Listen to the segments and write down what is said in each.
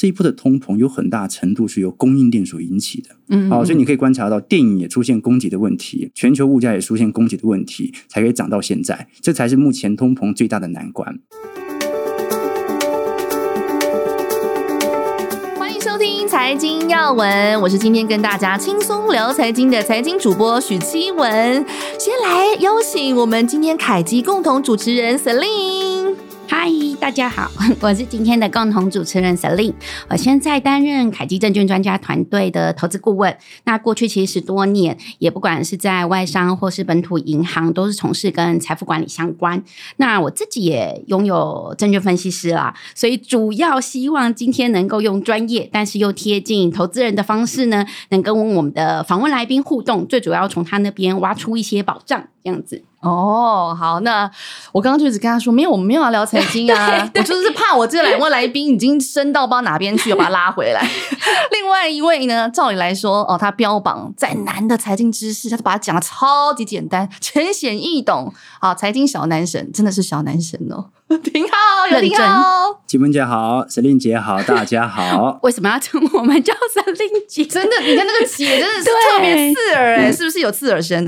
這一波的通膨有很大程度是由供應鏈所引起的，嗯哼，哦，所以你可以觀察到，電影也出現供給的問題，全球物價也出現供給的問題，才可以漲到現在，這才是目前通膨最大的難關。歡迎收聽財經要聞，我是今天跟大家輕鬆聊財經的財經主播許娸雯，先來有請我們今天凱基共同主持人 Celine。大家好，我是今天的共同主持人 Celine。我現在擔任凱基證券專家團隊的投資顧問。那過去其實十多年，也不管是在外商或是本土銀行，都是從事跟財富管理相關。那我自己也擁有證券分析師啦，所以主要希望今天能夠用專業，但是又貼近投資人的方式呢，能跟我們，我們的訪問來賓互動，最主要從他那邊挖出一些寶藏這樣子。哦，好，那我剛剛就一直跟他說，沒有，我們沒有要聊財經啊， 對對對，我就是怕我這兩位來賓已經升到不知道哪邊去，我把他拉回來。另外一位呢，照理來說哦，他標榜再難的財經知識，他就把它講得超級簡單、淺顯易懂。好，哦，財經小男神真的是小男神哦。庭皓，認哦。娸雯姐好，Celine 姐好，大家好。為什麼要稱我們叫 Celine 姐？真的，你看那個姐真的是特別刺耳，欸，哎對，是不是有刺耳聲？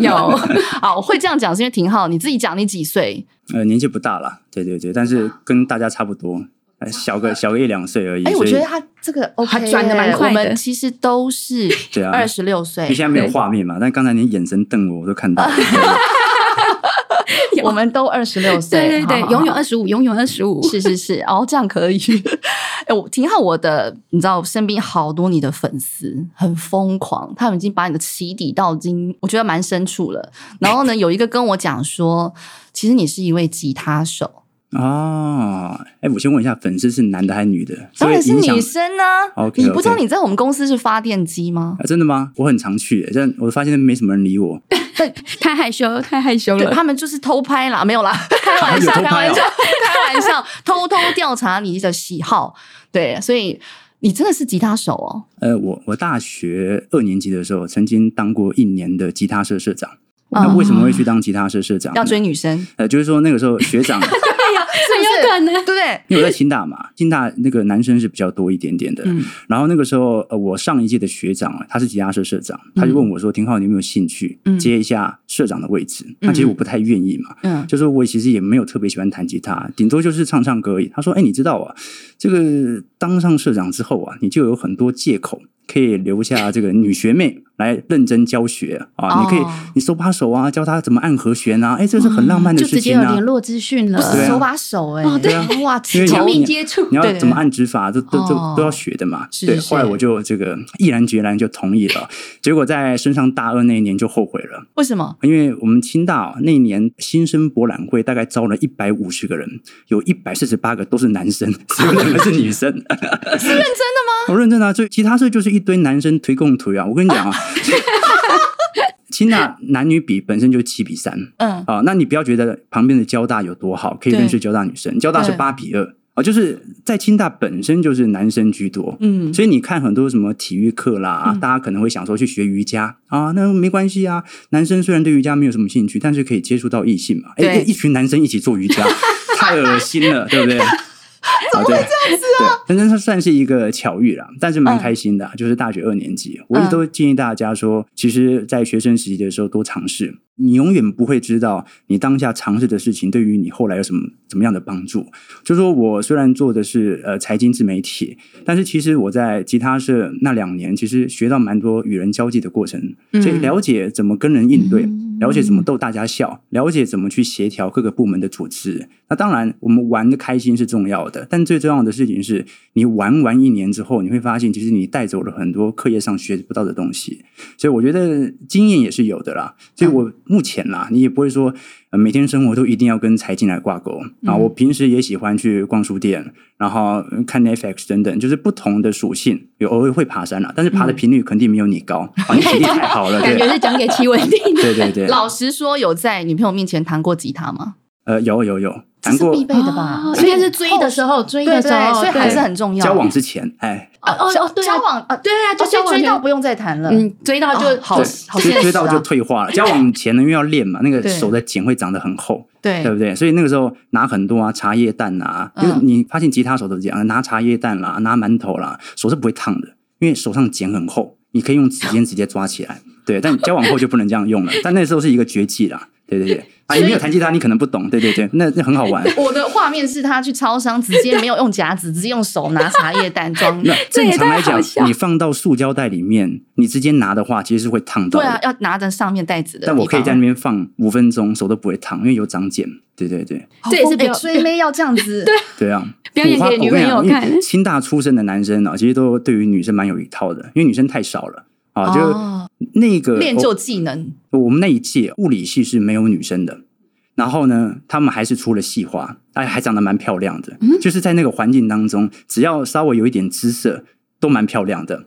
有 ，no。好，我會這樣講是因為庭皓。你自己講你幾歲？呃，年紀不大了，對對對，但是跟大家差不多。啊小個小個一兩歲而已。哎、欸，以我覺得他這個 O，、okay, 他轉的蠻快的。我們其實都是26，二十六歲。你現在沒有畫面嘛？ 但剛才你眼神瞪我，我都看到。我們都二十六歲，對對對，好好好，永遠二十五，永遠二十五。是是是，哦，這樣可以。哎、 欸，我挺好我的，你知道，身邊好多你的粉絲很瘋狂，他們已經把你的起底到已經，我覺得蠻深處了。然後呢，有一個跟我講說，其實你是一位吉他手。哦，哎，我先問一下，粉絲是男的還是女的？當然是女生呢、啊。Okay, okay. 你不知道你在我們公司是發電機嗎？啊、真的嗎？我很常去、欸，但我發現沒什麼人理我。 太害羞，太害羞了。對，他們就是偷拍啦，沒有啦，開玩笑，啊、開玩笑，開玩笑， 偷偷調查你的喜好。對，所以你真的是吉他手哦。呃，我我大學二年級的時候曾經當過一年的吉他社社長。嗯、那為什麼會去當吉他社社長？要追女生。呃，就是說那個時候學長。 很、哎、有可能，對，因為我在清大嘛，清 大那個男生是比較多一點點的。嗯、然後那個時候，呃，我上一屆的學長啊，他是吉他社社長，他就問我說：“庭、嗯、皓，你有沒有興趣、嗯、接一下社長的位置？”那其實我不太願意嘛，嗯、就說我其實也沒有特別喜歡彈吉他，嗯、頂多就是唱唱歌而已。他說：“哎，你知道啊，這個當上社長之後啊，你就有很多借口可以留下這個女學妹。” 來認真教學啊！你可以，你手把手啊，教他怎麼按和弦啊！哎，這是很浪漫的事情啊！就直接有聯絡資訊了，手把手哎！對啊，哇，親密接觸！你要怎麼按指法，都都都都要學的嘛。對，後來我就這個毅然決然就同意了。結果在升上大二那一年就後悔了。為什麼？因為我們清大那年新生博覽會大概招了一百五十個人，有一百四十八個都是男生，只有兩個是女生。是認真的嗎？我認真的。所以其他事就是一堆男生推共推啊！我跟你講啊！哈，清 大男女比本身就是七比三，嗯，啊，那你不要覺得旁邊的交大有多好，可以認識交大女生，對交大是八比二，嗯，啊，就是在清大本身就是男生居多，嗯，所以你看很多什麼體育課啦，嗯，大家可能會想說去學瑜伽啊，那沒關係啊，男生雖然對瑜伽沒有什麼興趣，但是可以接觸到異性嘛，哎對，欸，一群男生一起做瑜伽，太惡心了， 對不對？啊、怎麼會這樣子啊？反正算是一個巧遇啦，但是蠻開心的、啊。嗯、就是大學二年級，我一直都建議大家說，嗯、其實，在學生時期的時候多嘗試。你永遠不會知道你當下嘗試的事情對於你後來有什麼怎麼樣的幫助。就是說我雖然做的是呃財經自媒體，但是其實我在吉他社那兩年，其實學到蠻多與人交際的過程，所以了解怎麼跟人應對，嗯、了解怎麼逗大家笑，嗯、了解怎麼去協調各個部門的組織。那當然，我們玩的開心是重要的，但最重要的事情是你玩完一年之後，你會發現其實你帶走了很多課業上學不到的東西。所以我覺得經驗也是有的啦。所以我。嗯目前啦，你也不會說、嗯、每天生活都一定要跟財經來掛鈎啊。嗯、然後我平時也喜歡去逛書店，然後看 FX 等等，就是不同的屬性。有偶爾會爬山了，但是爬的頻率肯定沒有你高，嗯啊、你體力太好了。感覺是講給娸雯聽的。 對對對，老實說，有在女朋友面前彈過吉他嗎？呃，有有有談過，必備的吧，所以是追的時候，追的時候，所以還是很重要。交往之前，哎，哦哦，交往啊，對啊，就追到不用再談了。嗯，追到就好，追追到就退化了。交往前呢，因為要練嘛，那個手的繭會長得很厚，對對不對？所以那個時候拿很多啊，茶葉蛋啊，因為你發現吉他手都這樣，拿茶葉蛋啦，拿饅頭啦，手是不會燙的，因為手上繭很厚，你可以用指尖直接抓起來。對，但交往後就不能這樣用了。但那時候是一個絕技啦，對對對。哎、你沒有彈吉他，你可能不懂。對對對，那那很好玩。我的畫面是他去超商，直接沒有用夾子，直接用手拿茶葉蛋裝。那 正常來講，你放到塑膠袋裡面，你直接拿的話，其實是會燙到。對啊，要拿着上面袋子的。但我可以在那邊放五分鐘，手都不會燙，因為有長繭。對對對，對、哦，這也是表演、欸、要這樣子。 對對啊，表演給女朋友看。 清大出身的男生啊，其實都對於女生蠻有一套的，因為女生太少了。啊，就、哦、那個練就技能我。我們那一屆物理系是沒有女生的，然後呢，他們還是出了系花，哎，還長得蠻漂亮的，嗯、就是在那個環境當中，只要稍微有一點姿色，都蠻漂亮的。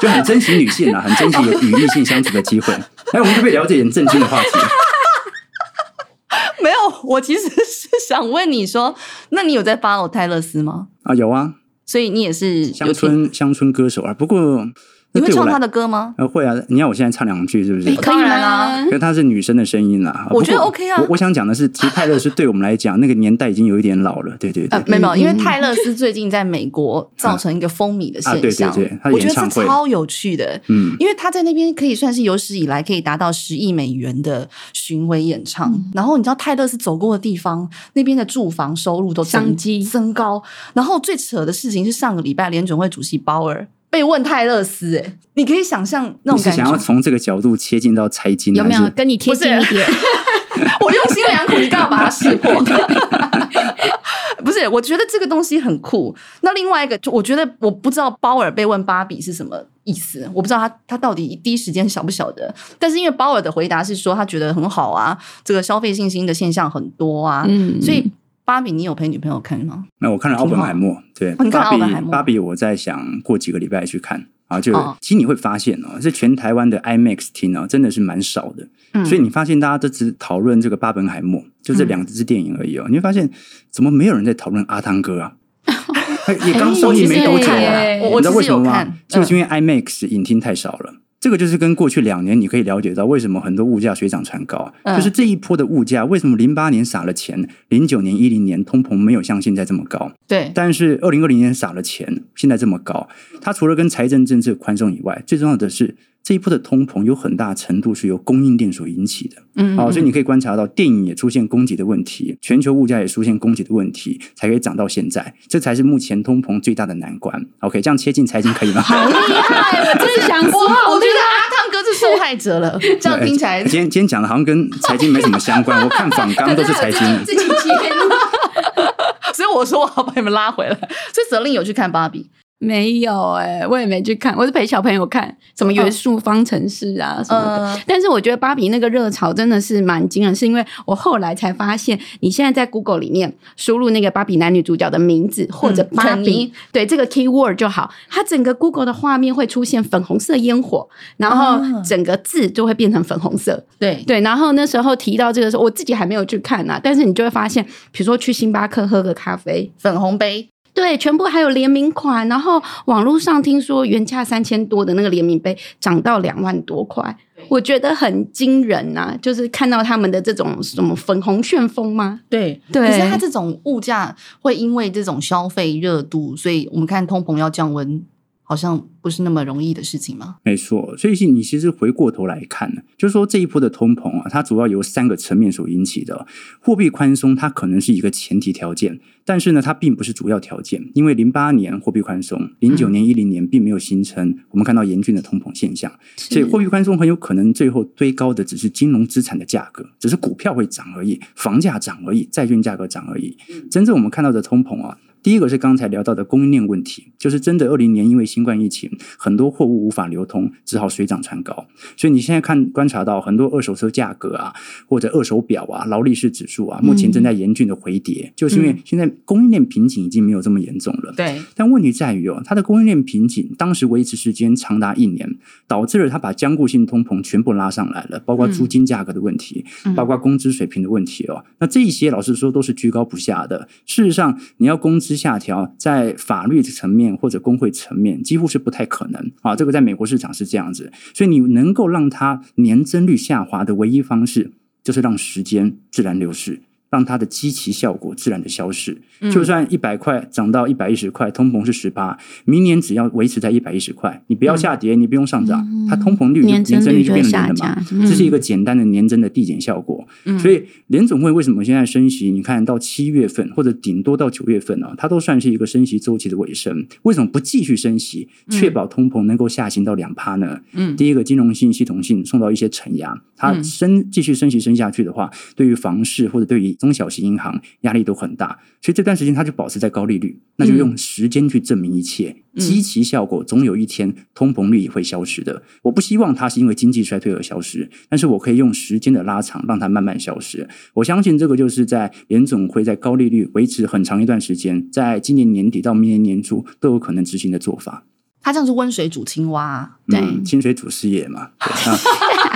就很珍惜女性啊，很珍惜與異性相處的機會。 哎，我們可不可以了解一點正經的話題？ 沒有，我其實是想問你說，那你有在發偶泰勒斯嗎？啊，有啊。所以你也是鄉村鄉村歌手啊，不過。你會唱他的歌嗎？呃，會啊。你要我現在唱兩句，是不是？欸然啊、可以啦，因為他是女生的聲音啦、啊、我覺得 OK 啊。我我想講的是，其實泰勒斯對我們來講， 那個年代已經有一點老了。對對對，啊、沒，沒有，因為泰勒斯最近在美國造成一個風靡的現象。啊啊、對對對，他的演唱會超有趣的。嗯，因為他在那邊可以算是有史以來可以達到十億美元的巡回演唱。嗯、然後你知道泰勒斯走過的地方，那邊的住房收入都相繼增高。然後最扯的事情是上個禮拜聯準會主席鮑爾。被問泰勒斯，哎，你可以想象那種感覺。你是想要從這個角度切進到財經？是有沒有跟你貼近一點？是 我用心良苦，你幹嘛識、啊、破？ 不是，我覺得這個東西很酷。那另外一個，就我覺得我不知道鮑爾被問芭比是什麼意思，我不知道他他到底第一時間曉不曉得。但是因為鮑爾的回答是說他覺得很好啊，這個消費信心的現象很多啊，嗯，所以。芭比，你有陪女朋友看嗎？那我看了《奧本海默》好。對，芭比芭比，巴比我在想過幾個禮拜去看啊。就、哦、其實你會發現哦，這全台灣的 IMAX 廳啊、哦，真的是蠻少的。嗯、所以你發現大家這次討論這個《巴本海默》，就這兩支電影而已哦。嗯、你會發現怎麼沒有人在討論阿湯哥啊？哦、 也剛，剛上映沒多久、啊， 哎、你知道為什麼嗎？就是因為 IMAX 影廳太少了。這個就是跟過去兩年，你可以了解到為什麼很多物價水漲船高。嗯，就是這一波的物價，為什麼零八年撒了錢，零九年、一零年通膨沒有像現在這麼高？對。但是二零二零年撒了錢，現在這麼高，它除了跟財政政策寬鬆以外，最重要的是。這一步的通膨有很大程度是由供應鏈所引起的，嗯，好，所以你可以觀察到，電影也出現供給的問題，全球物價也出現供給的問題，才可以漲到現在，這才是目前通膨最大的難關。OK，這樣切進財經可以嗎？好厲害，我 真是想說，我覺得阿湯哥是受害者了，是 這樣聽起來，今天今天講的好像跟財經沒什麼相關，我看訪綱都是財經，自 己切， 所以我說我好把你們拉回來，所以 Celine 有去看芭比。沒有哎、欸，我也沒去看，我是陪小朋友看什麼元素方程式啊什麼的。哦呃、但是我覺得芭比那個熱潮真的是蠻驚人，是因為我後來才發現，你現在在 Google 裡面輸入那個芭比男女主角的名字或者芭比，嗯、對這個 key word 就好，它整個 Google 的畫面會出現粉紅色煙火，然後整個字就會變成粉紅色。對、嗯、對，然後那時候提到這個時候，我自己還沒有去看呢、啊，但是你就會發現，比如說去星巴克喝個咖啡，粉紅杯。對，全部還有聯名款，然後網絡上聽說原價三千多的那個聯名杯漲到兩萬多塊，對我覺得很驚人啊！就是看到他們的這種什麼粉紅旋風嗎？對對，可是他這種物價會因為這種消費熱度，所以我們看通膨要降溫。好像不是那麼容易的事情嗎？沒錯，所以是你其實回過頭來看呢，就是說這一波的通膨啊，它主要由三個層面所引起的。貨幣寬鬆它可能是一個前提條件，但是呢，它並不是主要條件，因為零八年貨幣寬鬆、零九年、一零年並沒有形成、嗯、我們看到嚴峻的通膨現象，的所以貨幣寬鬆很有可能最後堆高的只是金融資產的價格，只是股票會漲而已，房價漲而已，債券價格漲而已。嗯、真正我們看到的通膨啊。第一個是剛才聊到的供應鏈問題，就是真的二零年因為新冠疫情，很多貨物無法流通，只好水漲船高。所以你現在看觀察到很多二手車價格啊，或者二手表啊、勞力士指數啊，目前正在嚴峻的回跌，就是因為現在供應鏈瓶頸已經沒有這麼嚴重了。對，但問題在於哦，它的供應鏈瓶頸當時維持時間長達一年，導致了它把僵固性通膨全部拉上來了，包括租金價格的問題，包括工資水平的問題哦、喔。那這一些老實說都是居高不下的。事實上，你要工資。下調在法律層面或者工會層面幾乎是不太可能啊，這個在美國市場是這樣子，所以你能夠讓它年增率下滑的唯一方式，就是讓時間自然流逝。讓它的基期效果自然的消失，就算一百塊漲到一百一十塊，嗯、通膨是十趴，明年只要維持在一百一十塊，你不要下跌，嗯、你不用上漲，嗯、它通膨率年增率就變零了嘛。嗯、這是一個簡單的年增的遞減效果。嗯、所以聯準會為什麼現在升息？你看到七月份或者頂多到九月份啊，它都算是一個升息周期的尾聲。為什麼不繼續升息，確保通膨能夠下行到兩趴呢？嗯、第一個金融性、系統性送到一些承壓，它升、嗯、繼續升息升下去的話，對於房市或者對於，中小型銀行壓力都很大，所以這段時間它就保持在高利率，嗯、那就用時間去證明一切，積其效果，總有一天通膨率也會消失的。嗯、我不希望它是因為經濟衰退而消失，但是我可以用時間的拉長讓它慢慢消失。我相信這個就是在聯準會在高利率維持很長一段時間，在今年年底到明年年初都有可能執行的做法。它像是溫水煮青蛙。啊，對、嗯，清水煮事業嘛。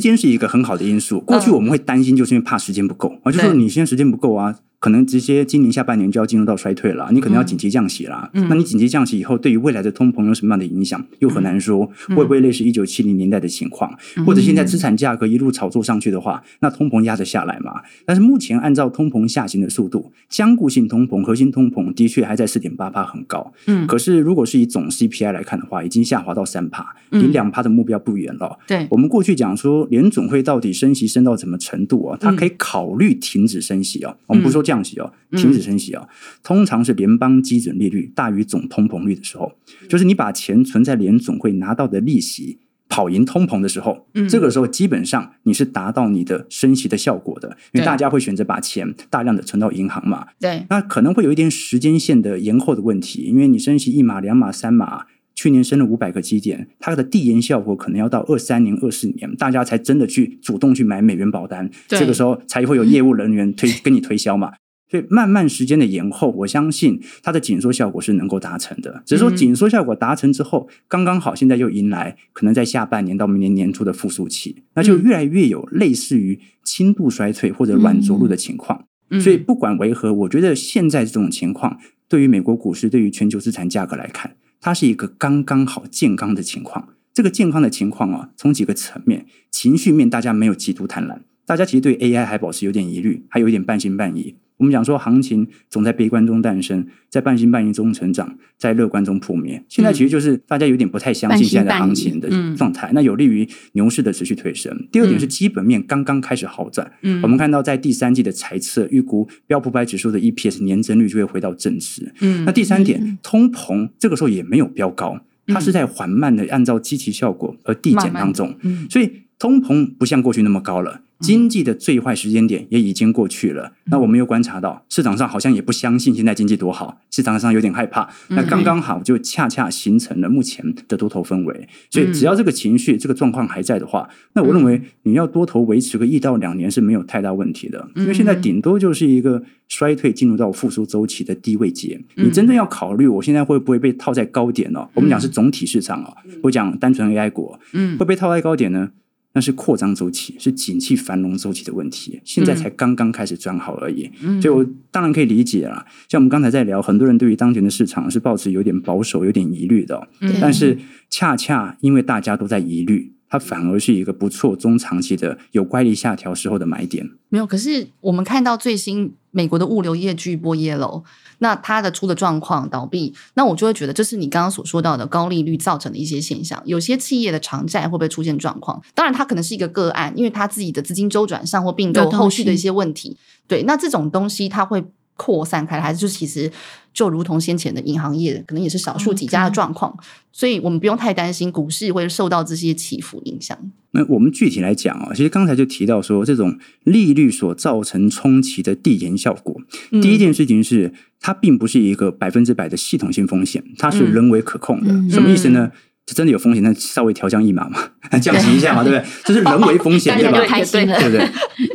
時間是一個很好的因素。過去我們會擔心，就是因為怕時間不夠，嗯、啊，就是說你現在時間不夠啊。可能直接今年下半年就要進入到衰退了，你可能要緊急降息了。嗯，那你緊急降息以後，對於未來的通膨有什麼樣的影響？嗯、又很難說會不會類似一九七零年代的情況，嗯、或者現在資產價格一路炒作上去的話，那通膨壓得下來嗎？但是目前按照通膨下行的速度，僵固性通膨、核心通膨的確還在四點八趴很高。嗯，可是如果是以總 CPI 來看的話，已經下滑到三趴，離兩趴的目標不遠了。對，我們過去講說聯準會到底升息升到什麼程度哦，他可以考慮停止升息哦，嗯、我們不說這降息哦，停止升息哦，嗯、通常是聯邦基準利率大於總通膨率的時候，就是你把錢存在聯準會拿到的利息跑贏通膨的時候，嗯、這個時候基本上你是達到你的升息的效果的，因為大家會選擇把錢大量的存到銀行嘛，對，那可能會有一點時間線的延後的問題，因為你升息一碼、兩碼、三碼。去年升了五百個基點，它的遞延效果可能要到二三年、二四年，大家才真的去主動去買美元保單，對這個時候才會有業務人員推跟、嗯、你推銷嘛。所以慢慢時間的延後，我相信它的緊縮效果是能夠達成的。只是說緊縮效果達成之後，剛剛好現在又迎來可能在下半年到明年年初的復甦期，那就越來越有類似於輕度衰退或者軟着陸的情況。所以不管為何，我覺得現在這種情況對於美國股市、對於全球資產價格來看。它是一個剛剛好健康的情況，這個健康的情況啊，從幾個層面，情緒面大家沒有極度貪婪，大家其實對 AI 還保持有點疑慮，還有一點半信半疑。我們講說，行情總在悲觀中誕生，在半信半疑中成長，在樂觀中破滅。現在其實就是大家有點不太相信現在的行情的狀態，嗯、那有利於牛市的持續推升。嗯、第二點是基本面剛剛開始好轉，嗯、我們看到在第三季的財測預估標普百指數的 EPS 年增率就會回到正值，嗯、那第三點，嗯、通膨這個時候也沒有飆高，它是在緩慢的按照基期效果而遞減當中，慢慢的嗯、所以通膨不像過去那麼高了。經濟的最壞時間點也已經過去了，嗯、那我們又觀察到市場上好像也不相信現在經濟多好，市場上有點害怕。那剛剛好就恰恰形成了目前的多頭氛圍，嗯、所以只要這個情緒、嗯、這個狀況還在的話，那我認為你要多頭維持個一到兩年是沒有太大問題的，嗯、因為現在頂多就是一個衰退進入到復甦週期的低位階，嗯、你真正要考慮，我現在會不會被套在高點呢、哦？我們講是總體市場啊、哦，不、嗯、講單純 AI 股，嗯，會被套在高點呢？那是擴張周期，是景氣繁榮周期的問題，現在才剛剛開始轉好而已，就、嗯、當然可以理解了。像我們剛才在聊，很多人對於當前的市場是抱持有點保守、有點疑慮的、哦，嗯、但是恰恰因為大家都在疑慮。它反而是一個不錯中長期的有乖離下調時候的買點。沒有，可是我們看到最新美國的物流業巨波耶樓，那它的出的狀況倒閉，那我就會覺得這是你剛剛所說到的高利率造成的一些現象。有些企業的償債會不會出現狀況？當然，它可能是一個個案，因為它自己的資金周轉上或併購後續的一些問題。對，那這種東西它會。擴散開來，還是就其實就如同先前的銀行業，可能也是少數幾家的狀況，Okay. 所以我們不用太擔心股市會受到這些起伏影響。那我們具體來講啊，其實剛才就提到說，這種利率所造成衝擊的遞延效果，嗯、第一件事情是它並不是一個百分之百的系統性風險，它是人為可控的。嗯、什麼意思呢？嗯這真的有風險，那稍微調降一碼嘛， 降息一下嘛，對，啊、對，對不對？這是人為風險，大、哦、吧？開心，對不對？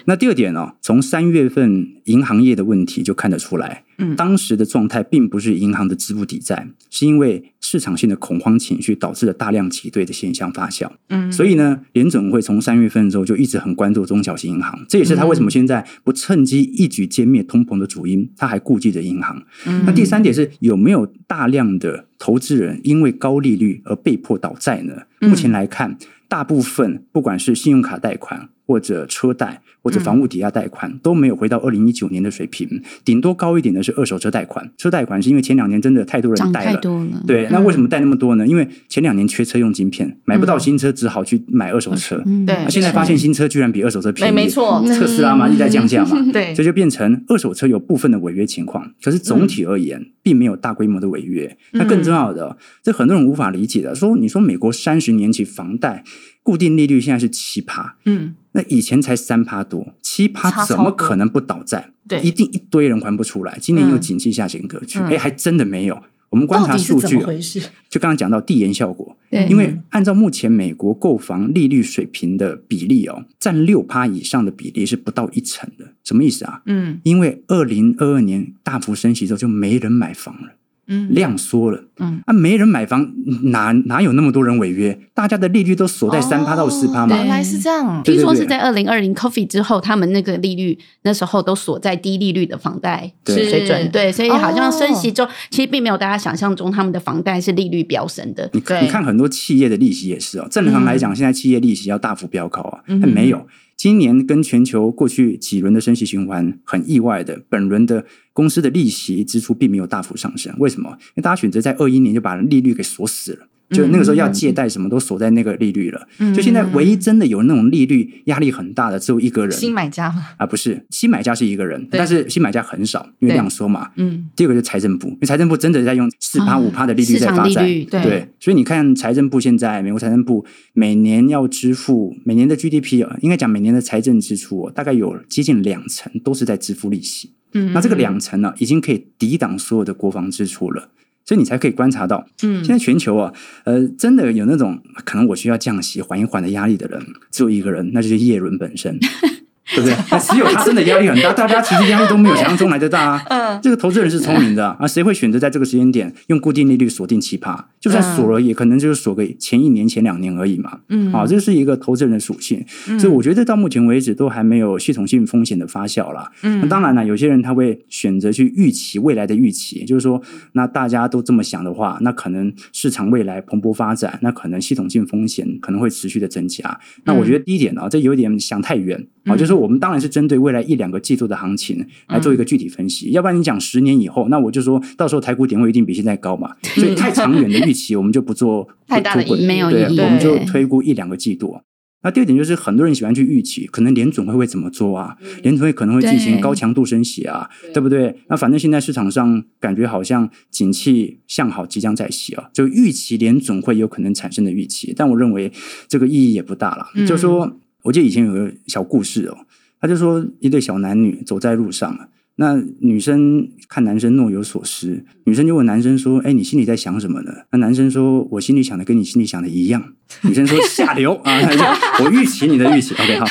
那第二點哦，從三月份銀行業的問題就看得出來，嗯、當時的狀態並不是銀行的資不抵債，是因為市場性的恐慌情緒導致了大量擠兌的現象發酵，嗯、所以呢，聯準會從三月份之後就一直很關注中小型銀行，這也是他為什麼現在不趁機一舉殲滅通膨的主因，他還顧忌着銀行。嗯、那第三點是有沒有大量的。投資人因為高利率而被迫倒債呢？目前來看，嗯、大部分不管是信用卡貸款。或者車貸或者房屋抵押貸款、嗯、都沒有回到二零一九年的水平，頂多高一點的是二手車貸款。車貸款是因為前兩年真的太多人貸了，太多了對。嗯、那為什麼貸那麼多呢？因為前兩年缺車用晶片，買不到新車，只好去買二手車。嗯嗯、對。現在發現新車居然比二手車便宜，沒、沒錯，特斯拉嘛，一直在降價嘛。對、嗯。這就變成二手車有部分的違約情況，可是總體而言並沒有大規模的違約。嗯、那更重要的，這很多人無法理解的，說你說美國三十年期房貸，固定利率現在是七趴，嗯，那以前才三趴多，七趴怎麼可能不倒債？對，一定一堆人還不出來。今年又景氣下行格局，哎、嗯，還真的沒有。我們觀察數據、啊，回事就剛剛講到遞延效果，對，因為按照目前美國購房利率水平的比例哦，佔六趴以上的比例是不到一成的，什麼意思啊？嗯，因為二零二二年大幅升息之後，就沒人買房了。嗯，量縮了。嗯，啊，沒人買房，哪哪有那麼多人違約？大家的利率都鎖在三趴到四趴嘛。原來是這樣，聽說是在二零二零 coffee 之後，他們那個利率那時候都鎖在低利率的房貸水準。對，所以好像升息中，其實並沒有大家想象中他們的房貸是利率飆升的。你看很多企業的利息也是哦，正常來講，現在企業利息要大幅飆高啊，但沒有。今年跟全球過去幾輪的升息循環很意外的，本輪的公司的利息支出並沒有大幅上升。為什麼？因為大家選擇在二一年就把利率給鎖死了。就那個時候要借貸什麼，都鎖在那個利率了。嗯，嗯，嗯，就現在唯一真的有那種利率壓力很大的，只有一個人。新買家嘛？啊，不是新買家，是一個人，對但是新買家很少，因為量縮嘛。嗯對，第二個就是財政部，因為財政部真的在用四趴五趴的利率在發債。哦、對，對，所以你看財政部現在，美國財政部每年要支付每年的 GDP，應該講每年的財政支出大概有接近兩成都是在支付利息。嗯，嗯，嗯，那這個兩成呢、啊，已經可以抵擋所有的國防支出了。所以你才可以觀察到，嗯，現在全球啊，呃，真的有那種可能我需要降息緩一緩的壓力的人，只有一個人，那就是葉倫本身。 對不對？那只有他真的壓力很大， 大家其實壓力都沒有想象中來得大啊。 這個投資人是聰明的 啊，誰會選擇在這個時間點用固定利率鎖定奇葩？就算鎖了，也可能就是鎖個前一年、前兩年而已嘛。嗯。啊，這是一個投資人的屬性，嗯、所以我覺得到目前為止都還沒有系統性風險的發酵啦。嗯，那當然呢、啊、有些人他會選擇去預期未來的預期，就是說，那大家都這麼想的話，那可能市場未來蓬勃發展，那可能系統性風險可能會持續的增加。嗯、那我覺得第一點呢、啊，這有點想太遠啊，就是說。我們當然是針對未來一兩個季度的行情來做一個具體分析，嗯，要不然你講十年以後，那我就說到時候台股點位一定比現在高嘛，嗯、所以太長遠的預期我們就不做不。太大的沒有，對，對，我們就推估一兩個季度。那第二點就是，很多人喜歡去預期，可能聯準會會怎麼做啊？聯準、嗯、會可能會進行高強度升息啊，對，對不對？那反正現在市場上感覺好像景氣向好即將再起啊，就預期聯準會有可能產生的預期，但我認為這個意義也不大了，嗯、就說。我記得以前有個小故事哦，他就說一對小男女走在路上，那女生看男生若有所思，女生就問男生說：“誒你心裡在想什麼呢？”那男生說：“我心裡想的跟你心裡想的一樣。”女生說：“下流啊就！”我預期你的預期，OK，好。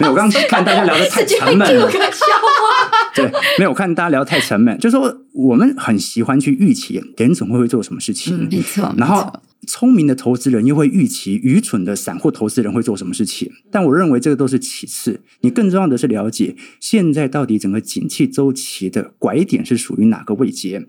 沒有，我剛剛看大家聊得太沉悶了。對，沒有，我看大家聊得太沉悶，就說我們很喜歡去預期別人總會會做什麼事情。沒錯，聰明的投資人又會預期，愚蠢的散戶投資人會做什麼事情？但我認為這個都是其次，你更重要的是了解現在到底整個景氣周期的拐點是屬於哪個位階？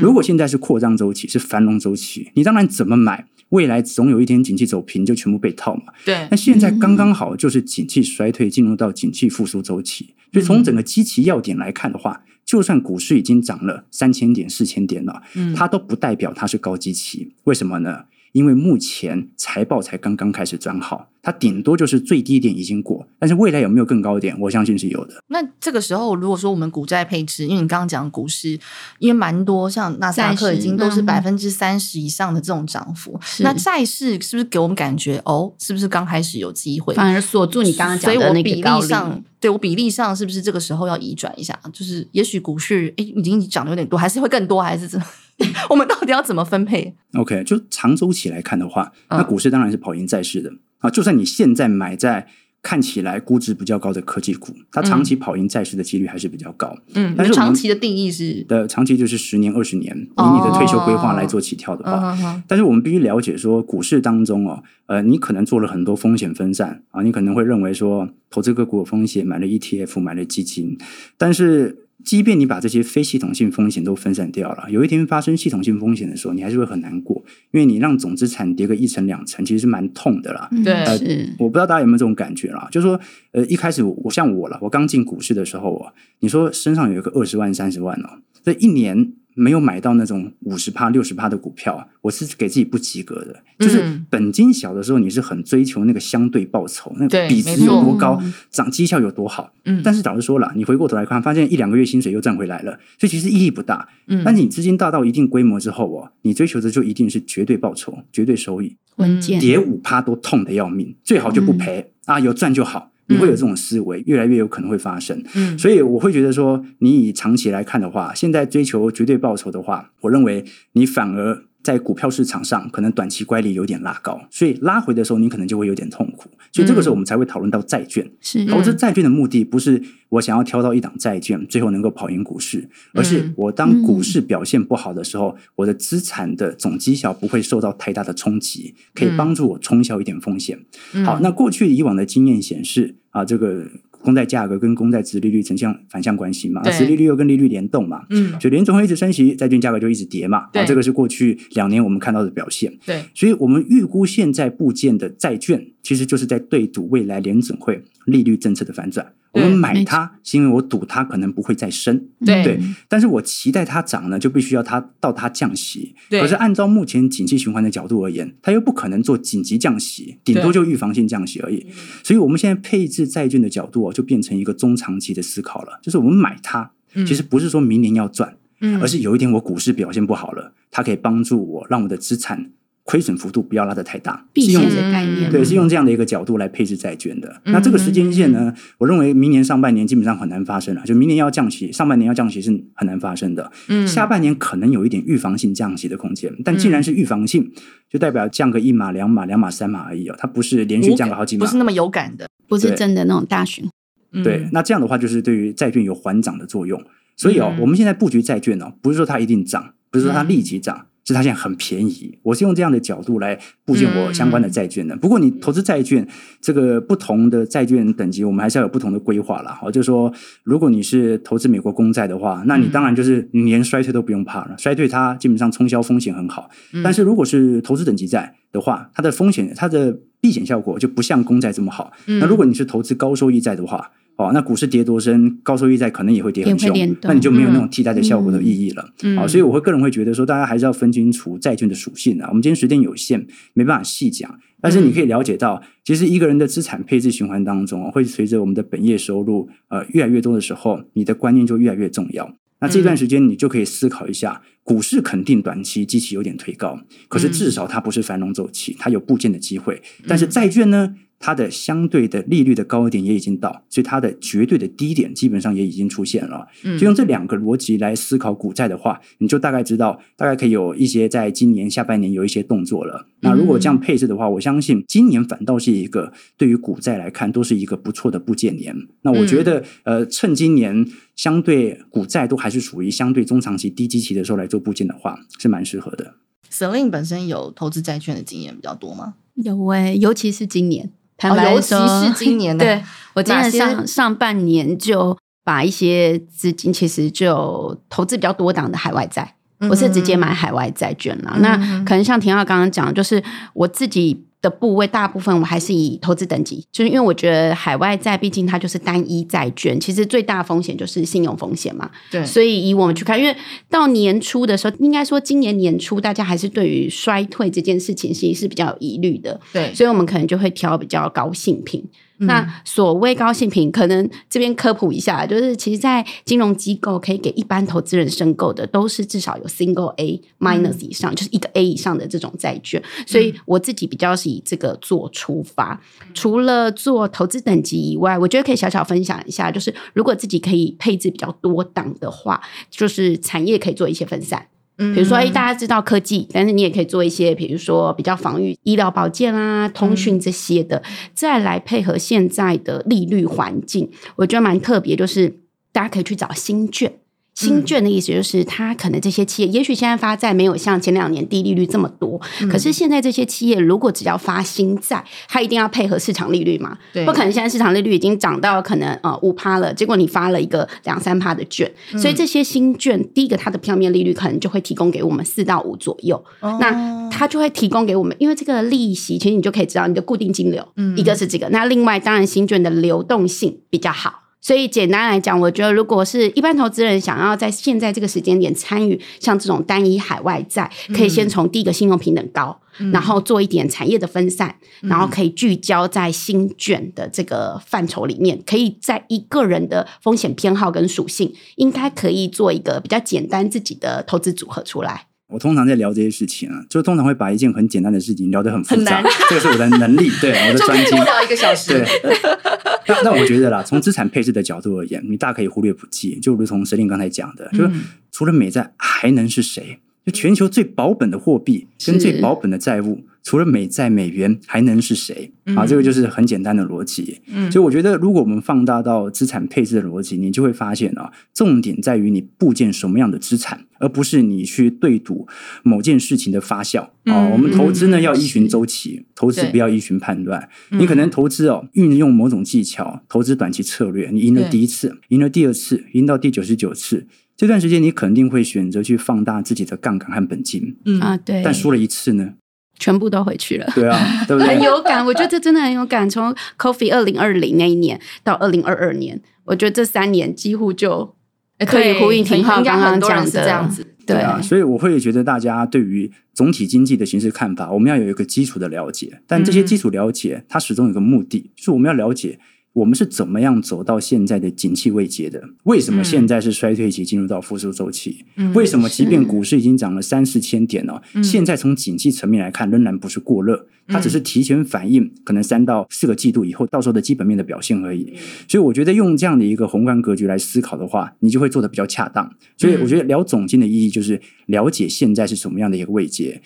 如果現在是擴張周期，是繁榮周期，你當然怎麼買？未來總有一天景氣走平，就全部被套嘛。對。那現在剛剛好就是景氣衰退，進入到景氣復甦周期。所以從整個基期要點來看的話，就算股市已經漲了三千點、四千點了，它都不代表它是高基期。為什麼呢？因為目前財報才剛剛開始轉好。它頂多就是最低點已經過，但是未來有沒有更高點？我相信是有的。那這個時候，如果說我們股債配置，因為你剛剛講的股市，因為蠻多，像納斯達克已經都是百分之三十以上的這種漲幅，是那債市是不是給我們感覺哦，是不是剛開始有機會？反而鎖住你剛剛講的，所以我比例上，對我比例上是不是這個時候要移轉一下？就是也許股市哎，已經漲得有點多，還是會更多？還是怎麼？ 我們到底要怎麼分配？OK，就長週期來看的話，那股市當然是跑贏債市的。嗯啊，就算你現在買在看起來估值比較高的科技股，它長期跑贏債市的幾率還是比較高。嗯，但是我們長期的定義是，的長期就是十年、二十年，以你的退休規劃來做起跳的話。哦哦哦哦、但是我們必須了解說，股市當中哦，呃，你可能做了很多風險分散啊，你可能會認為說投資個股有風險，買了 ETF，買了基金，但是。即便你把這些非系統性風險都分散掉了，有一天發生系統性風險的時候，你還是會很難過，因為你讓總資產跌個一成兩成，其實是蠻痛的啦。對，我不知道大家有沒有這種感覺啦，就是說，呃，一開始我像我了，我剛進股市的時候啊，你說身上有一個二十萬、三十萬哦，這一年。沒有買到那種五十趴六十趴的股票，我是給自己不及格的。嗯、就是本金小的時候，你是很追求那個相對報酬，對那比值有多高，漲績、嗯、效有多好。嗯、但是老實說了，你回過頭來看，發現一兩個月薪水又賺回來了，所以其實意義不大。但、嗯、但你資金大到，到一定規模之後哦，你追求的就一定是絕對報酬、絕對收益。穩健跌五趴都痛得要命，最好就不賠、嗯、啊，有賺就好。你會有這種思維，越來越有可能會發生。嗯，所以我會覺得說，你以長期來看的話，現在追求絕對報酬的話，我認為你反而。在股票市場上，可能短期乖離有點拉高，所以拉回的時候，你可能就會有點痛苦。所以這個時候，我們才會討論到債券。是投資債券的目的不是我想要挑到一檔債券，最後能夠跑贏股市，而是我當股市表現不好的時候，嗯、我的資產的總績效不會受到太大的衝擊，可以幫助我沖銷一點風險。嗯、好，那過去以往的經驗顯示啊，這個。公債價格跟公債殖利率呈現反向關係嘛，殖對利率又跟利率聯動嘛，嗯，所以聯準會一直升息，債券價格就一直跌嘛，對哦，這個是過去兩年我們看到的表現，對，所以我們預估現在部件的債券其實就是在對賭未來聯準會利率政策的反轉。我們買它是對因為我賭它可能不會再升，對，對，但是我期待它漲呢，就必須要它到它降息。對可是按照目前景氣循環的角度而言，它又不可能做緊急降息，頂多就預防性降息而已。對所以，我們現在配置債券的角度就變成一個中長期的思考了，就是我們買它，其實不是說明年要賺，嗯、而是有一天我股市表現不好了，它可以幫助我讓我的資產。虧損幅度不要拉得太大，避險的概念，對，是用這樣的一個角度來配置債券的。那這個時間線呢？我認為明年上半年基本上很難發生了，就明年要降息，上半年要降息是很難發生的。嗯，下半年可能有一點預防性降息的空間，但既然是預防性，就代表降個一碼、兩碼、兩碼三碼而已哦，它不是連續降個好幾碼，不是那麼有感的，不是真的那種大循環。對，那這樣的話就是對於債券有緩漲的作用。所以哦，我們現在布局債券哦，不是說它一定漲，不是說它立即漲。是它現在很便宜，我是用這樣的角度來佈建我相關的債券的。嗯嗯，不過你投資債券，這個不同的債券等級，我們還是要有不同的規劃啦。好，就是說如果你是投資美國公債的話，那你當然就是你連衰退都不用怕了，衰退它基本上沖銷風險很好。但是如果是投資等級債的話，它的風險、它的避險效果就不像公債這麼好。那如果你是投資高收益債的話，哦，那股市跌多深，高收益債可能也會跌很凶，那你就沒有那種替代的效果的意義了。嗯嗯、哦，所以我會個人會覺得說，大家還是要分清楚債券的屬性啊。我們今天時間有限，沒辦法細講，但是你可以了解到，嗯、其實一個人的資產配置循環當中，會隨着我們的本業收入呃越來越多的時候，你的觀念就越來越重要。那這段時間你就可以思考一下，股市肯定短期、基期有點推高，可是至少它不是繁榮周期，它有部件的機會。但是債券呢？嗯嗯它的相對的利率的高一點也已經到，所以它的絕對的低點基本上也已經出現了。就用這兩個邏輯來思考股債的話，你就大概知道，大概可以有一些在今年下半年有一些動作了。那如果這樣配置的話，我相信今年反倒是一個對於股債來看都是一個不錯的部件年。那我覺得，嗯、呃，趁今年相對股債都還是屬於相對中長期低基期的時候來做部件的話，是蠻適合的。Celine 本身有投資債券的經驗比較多嗎？有誒、欸，尤其是今年。坦白說、哦，尤其是今年的、啊，我今年上把些 上半年就把一些資金，其實就投資比較多檔的海外債，不、嗯、哼是直接買海外債券了、啊。嗯、哼那可能像庭皓剛剛講，就是我自己。的部位大部分我們還是以投資等級，就是因為我覺得海外債畢竟它就是單一債券，其實最大風險就是信用風險嘛。對，所以以我們去看，因為到年初的時候，應該說今年年初大家還是對於衰退這件事情其實是比較有疑慮的。對，所以我們可能就會挑比較高信評。那所謂高信評，可能這邊科普一下，就是其實，在金融機構可以給一般投資人申購的，都是至少有 single A minus 以上，嗯、就是一個 A 以上的這種債券。所以我自己比較是以這個做出發，嗯、除了做投資等級以外，我覺得可以小小分享一下，就是如果自己可以配置比較多檔的話，就是產業可以做一些分散。比如說，哎，大家知道科技，但是你也可以做一些，比如說比較防禦醫療保健啦、啊、通訊這些的，嗯、再來配合現在的利率環境，我覺得蠻特別，就是大家可以去找新券，新券的意思就是，它可能這些企業，也許現在發債沒有像前兩年低利率這麼多，嗯、可是現在這些企業如果只要發新債，它一定要配合市場利率嘛？對，不可能現在市場利率已經漲到可能呃五趴了，結果你發了一個兩三趴的券，嗯、所以這些新券，第一個它的票面利率可能就會提供給我們四到五左右，哦、那它就會提供給我們，因為這個利息其實你就可以知道你的固定金流，嗯、一個是這個，那另外當然新券的流動性比較好。所以簡單來講，我覺得如果是一般投資人想要在現在這個時間點參與像這種單一海外債，可以先從第一個信用評等高，嗯、然後做一點產業的分散，嗯、然後可以聚焦在新券的這個範疇裡面，可以在一個人的風險偏好跟屬性，應該可以做一個比較簡單自己的投資組合出來。我通常在聊這些事情啊，就通常會把一件很簡單的事情聊得很複雜，很難這個是我的能力，對我的 專精，多聊一個小時。對 那，那我覺得啦，從資產配置的角度而言，你大可以忽略不計，就如同 Celine 剛才講的，就是除了美債還能是誰？全球最保本的貨幣跟最保本的債務，是除了美債美元，還能是誰？嗯、啊，這個就是很簡單的邏輯。嗯，所以我覺得，如果我們放大到資產配置的邏輯，你就會發現啊，重點在於你布建什麼樣的資產，而不是你去對賭某件事情的發酵啊、嗯哦。我們投資呢，嗯、要依循周期，是投資不要依循判斷。對你可能投資哦，運用某種技巧，投資短期策略，你贏了第一次，贏對了第二次，贏到第九十九次。這段時間你肯定會選擇去放大自己的槓桿和本金，嗯啊對，但輸了一次呢，全部都回去了。對啊，對不對？很有感，我覺得這真的很有感。從 Coffee 二零二零那一年到二零二二年，我覺得這三年幾乎就可以呼應庭皓剛剛講的這樣子，對啊，對，所以我會覺得大家對於總體經濟的形勢看法，我們要有一個基礎的了解。但這些基礎了解，嗯、它始終有一個目的，就是我們要了解，我們是怎麼樣走到現在的景氣位階的，為什麼現在是衰退期進入到復甦週期？嗯、為什麼即便股市已經漲了三四千點哦，嗯、現在從景氣層面來看，仍然不是過熱，嗯、它只是提前反映可能三到四個季度以後到時候的基本面的表現而已。所以我覺得用這樣的一個宏觀格局來思考的話，你就會做的比較恰當。所以我覺得聊總經的意義就是了解現在是什麼樣的一個位階。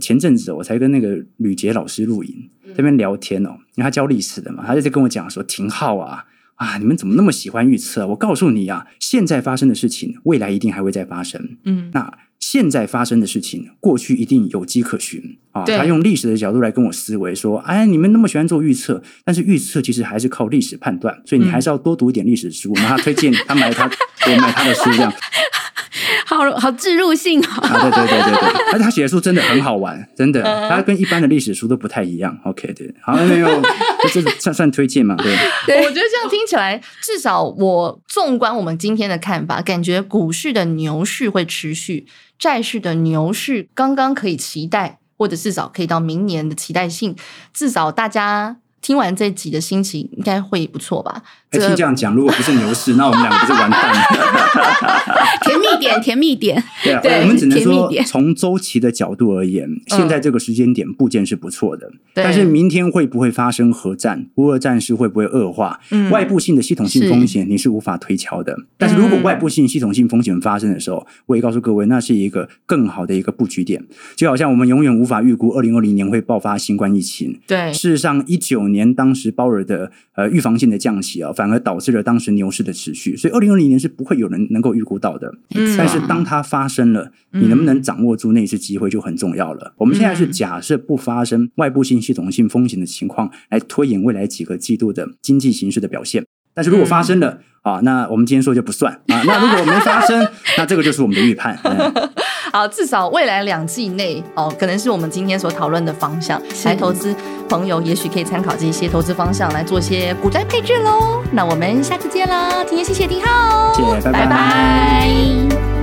前陣子我才跟那個呂捷老師錄影在那邊聊天哦，因為他教歷史的嘛，他就在跟我講說挺好。皓啊啊！你們怎麼那麼喜歡預測、啊？我告訴你啊，現在發生的事情，未來一定還會再發生。嗯，那現在發生的事情，過去一定有跡可循啊。對他用歷史的角度來跟我思維說：“哎，你們那麼喜歡做預測，但是預測其實還是靠歷史判斷，所以你還是要多讀一點歷史書。嗯”我們還推薦他買他， 我買他的書這樣。好好置入性，哦啊，對對對對對，而且他寫的書真的很好玩， 真的，他跟一般的歷史書都不太一樣。OK 的，好沒有？這算算推薦嘛？對。對我覺得這樣聽起來，至少我縱觀我們今天的看法，感覺股市的牛市會持續，債市的牛市剛剛可以期待，或者至少可以到明年的期待性，至少大家聽完這集的心情應該會不錯吧。聽這樣講，如果不是牛市，那我們兩個就完蛋了。 甜蜜點，甜蜜點，對啊，我們對、嗯、只能說從週期的角度而言，現在這個時間點，部件是不錯的。嗯、但是明天會不會發生核戰？烏俄戰事會不會惡化？嗯、外部性的系統性風險你是無法推敲的。是，但是如果外部性系統性風險發生的時候，我也告訴各位，那是一個更好的一個佈局點。就好像我們永遠無法預估二零二零年會爆發新冠疫情。對，事實上一九年當時鮑爾的呃預防性的降息啊。反而導致了當時牛市的持續，所以二零二零年是不會有人能夠預估到的。嗯啊、但是當它發生了，你能不能掌握住那次機會就很重要了。嗯、我們現在是假設不發生外部性、系統性風險的情況，來推演未來幾個季度的經濟形勢的表現。但是如果發生了、嗯、啊，那我們今天說就不算啊。那如果沒發生， 那這個就是我們的預判。嗯至少未來兩季內，哦，可能是我們今天所討論的方向，是來投資朋友也許可以參考這些投資方向來做些股債配置嘍。 那我們下次見啦，今天謝謝庭皓，謝謝，拜拜。拜拜。